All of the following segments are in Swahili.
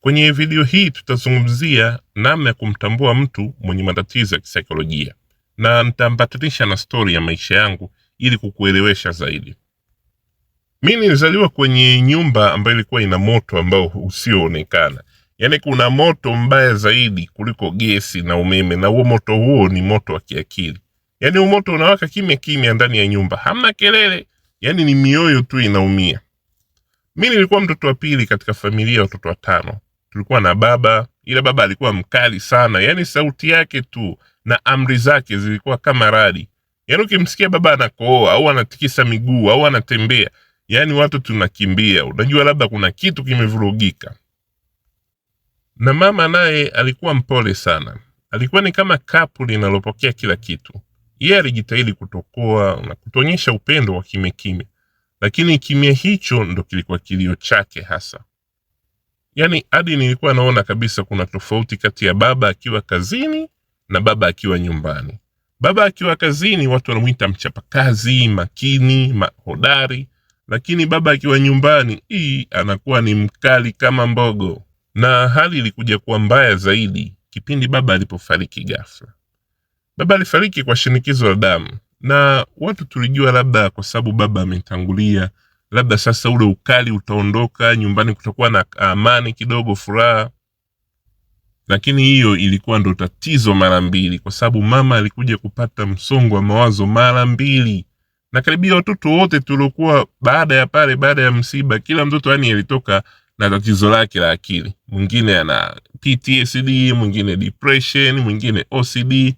Kwenye video hii tutazungumzia namna ya kumtambua mtu mwenye matatizo ya kisaikolojia na nitaambatanisha na stori ya maisha yangu ili kukuelewesha zaidi. Mi nilizaliwa kwenye nyumba ambayo ilikuwa ina moto ambao usioonekana, yaani kuna moto mbaya zaidi kuliko gesi na umeme, na huo moto huo ni moto wa kiakili. Yaani huo moto unawaka kimya kimya ndani ya nyumba, hamna kelele, yaani ni mioyo tu inaumia. Mi nilikuwa mtoto wa pili katika familia ya watoto watano tulikuwa na baba, ila baba alikuwa mkali sana, yani sauti yake tu na amri zake zilikuwa kama radi. Yani ukimsikia baba anakooa au anatikisa miguu au anatembea, yani watu tunakimbia, unajua labda kuna kitu kimevurugika. Na mama naye alikuwa mpole sana, alikuwa ni kama kapu linalopokea kila kitu. Yeye alijitahidi kutokoa na kutuonyesha upendo wa kimya kimya, lakini kimya hicho ndo kilikuwa kilio chake hasa yani hadi nilikuwa naona kabisa kuna tofauti kati ya baba akiwa kazini na baba akiwa nyumbani. Baba akiwa kazini watu wanamuita mchapakazi, makini, mahodari, lakini baba akiwa nyumbani hii anakuwa ni mkali kama mbogo. Na hali ilikuja kuwa mbaya zaidi kipindi baba alipofariki ghafla. Baba alifariki kwa shinikizo la damu, na watu tulijua labda kwa sababu baba ametangulia labda sasa ule ukali utaondoka, nyumbani kutakuwa na amani kidogo, furaha. Lakini hiyo ilikuwa ndo tatizo mara mbili, kwa sababu mama alikuja kupata msongo wa mawazo mara mbili, na karibia watoto wote tuliokuwa baada ya pale, baada ya msiba, kila mtoto yani alitoka na tatizo lake la akili. Mwingine ana PTSD, mwingine depression, mwingine OCD,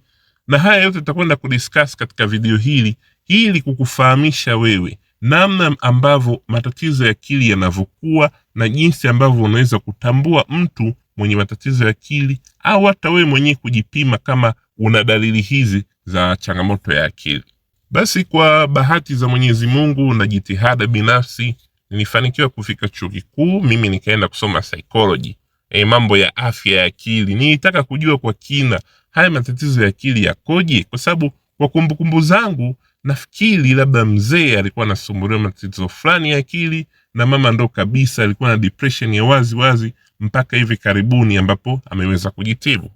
na haya yote tutakwenda kudiscuss katika video hili ili kukufahamisha wewe namna ambavyo matatizo ya akili yanavyokuwa na jinsi ambavyo unaweza kutambua mtu mwenye matatizo ya akili au hata wewe mwenyewe kujipima kama una dalili hizi za changamoto ya akili. Basi kwa bahati za Mwenyezi Mungu na jitihada binafsi nilifanikiwa kufika chuo kikuu, mimi nikaenda kusoma psychology. E, mambo ya afya ya akili. Nilitaka kujua kwa kina haya matatizo ya akili yakoje, kwa sababu kwa kumbukumbu zangu nafikiri labda mzee alikuwa anasumbuliwa matatizo fulani ya akili na mama ndo kabisa alikuwa na depression ya wazi wazi mpaka hivi karibuni ambapo ameweza kujitibu.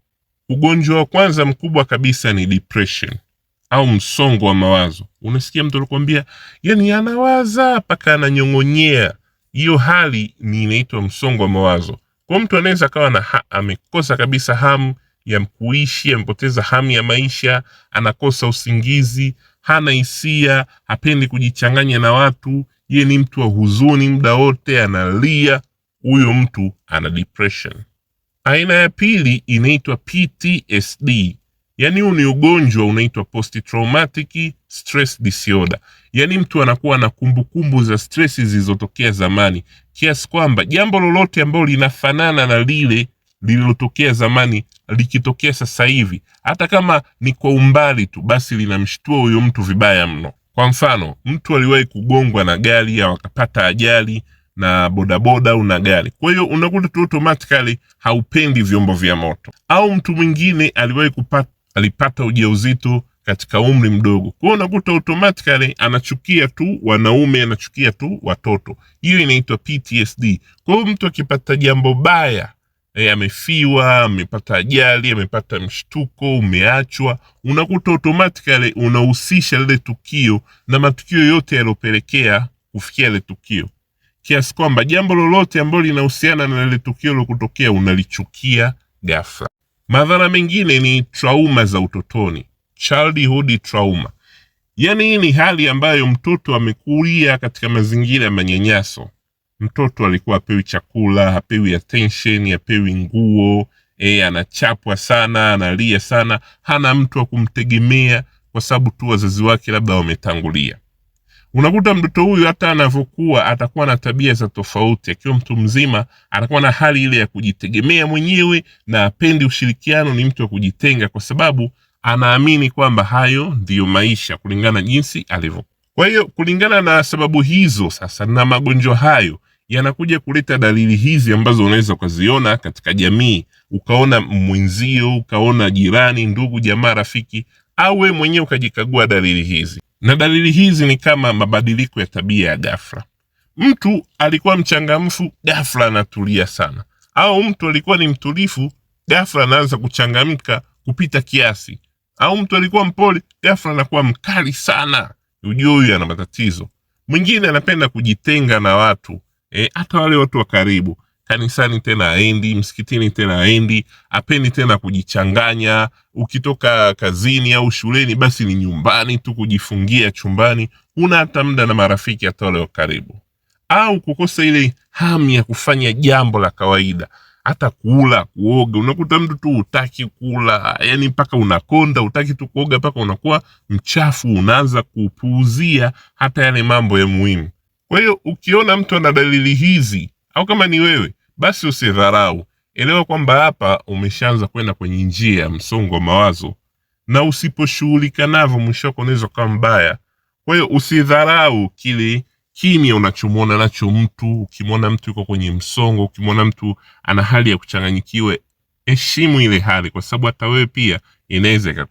Ugonjwa wa kwanza mkubwa kabisa ni depression au msongo wa mawazo. Unasikia mtu anakuambia yani anawaza mpaka ananyong'onyea, hiyo hali ni inaitwa msongo wa mawazo. Kwa mtu anaweza akawa na ha, amekosa kabisa hamu ya kuishi, amepoteza hamu ya maisha, anakosa usingizi, hana hisia, hapendi kujichanganya na watu. Ye ni mtu wa huzuni, muda wote analia. Huyo mtu ana depression. Aina ya pili inaitwa PTSD, yaani huu ni ugonjwa unaitwa post traumatic stress disorder, yaani mtu anakuwa na kumbukumbu za stress zilizotokea zamani, kiasi kwamba jambo lolote ambalo linafanana na lile lililotokea zamani likitokea sasa hivi, hata kama ni kwa umbali tu, basi linamshtua huyo mtu vibaya mno. Kwa mfano, mtu aliwahi kugongwa na gari au akapata ajali na bodaboda au na gari, kwa hiyo unakuta tu automatically haupendi vyombo vya moto. Au mtu mwingine aliwahi kupata, alipata ujauzito katika umri mdogo, kwa hiyo unakuta automatically anachukia tu wanaume, anachukia tu watoto. Hiyo inaitwa PTSD. Kwa hiyo mtu akipata jambo baya e, amefiwa, amepata ajali, amepata mshtuko, umeachwa, unakuta automatically unahusisha lile tukio na matukio yote yaliyopelekea kufikia ile tukio, kiasi kwamba jambo lolote ambalo linahusiana na lile tukio lilokutokea unalichukia ghafla. Madhara mengine ni trauma za utotoni, childhood trauma. Yaani hii ni hali ambayo mtoto amekulia katika mazingira ya manyanyaso mtoto alikuwa apewi chakula, apewi attention, apewi nguo e, anachapwa sana, analia sana, hana mtu wa kumtegemea kwa sababu tu wazazi wake labda wametangulia. Unakuta mtoto huyu hata anavyokuwa atakuwa na tabia za tofauti. Akiwa mtu mzima, atakuwa na hali ile ya kujitegemea mwenyewe na apendi ushirikiano, ni mtu wa kujitenga, kwa sababu anaamini kwamba hayo ndiyo maisha kulingana jinsi alivyokuwa. Kwa hiyo kulingana na sababu hizo sasa na magonjwa hayo yanakuja kuleta dalili hizi ambazo unaweza ukaziona katika jamii, ukaona mwenzio, ukaona jirani, ndugu, jamaa, rafiki, au wewe mwenyewe ukajikagua dalili hizi. Na dalili hizi ni kama mabadiliko ya tabia ya ghafla. Mtu alikuwa mchangamfu, ghafla anatulia sana, au mtu alikuwa ni mtulifu, ghafla anaanza kuchangamka kupita kiasi, au mtu alikuwa mpole, ghafla anakuwa mkali sana. Ujue huyu ana matatizo. Mwingine anapenda kujitenga na watu eh, hata wale watu wa karibu. Kanisani tena aendi, msikitini tena aendi, apendi tena kujichanganya. Ukitoka kazini au shuleni, basi ni nyumbani tu, kujifungia chumbani, una hata muda na marafiki, hata wale wa karibu, au kukosa ile hamu ya kufanya jambo la kawaida hata kula kuoga, unakuta mtu tu utaki kula, yani mpaka unakonda, utaki tu kuoga, mpaka unakuwa mchafu, unaanza kupuuzia hata yale mambo ya muhimu. Kwa hiyo ukiona mtu ana dalili hizi, au kama ni wewe, basi usidharau, elewa kwamba hapa umeshaanza kwenda kwenye njia ya msongo wa mawazo, na usiposhughulika navyo, mwisho wako unaweza kuwa mbaya. Kwa hiyo usidharau kile kimya unachomwona nacho mtu. Ukimwona mtu yuko kwenye msongo, ukimwona mtu ana hali ya kuchanganyikiwe, heshimu ile hali, kwa sababu hata wewe pia inaweza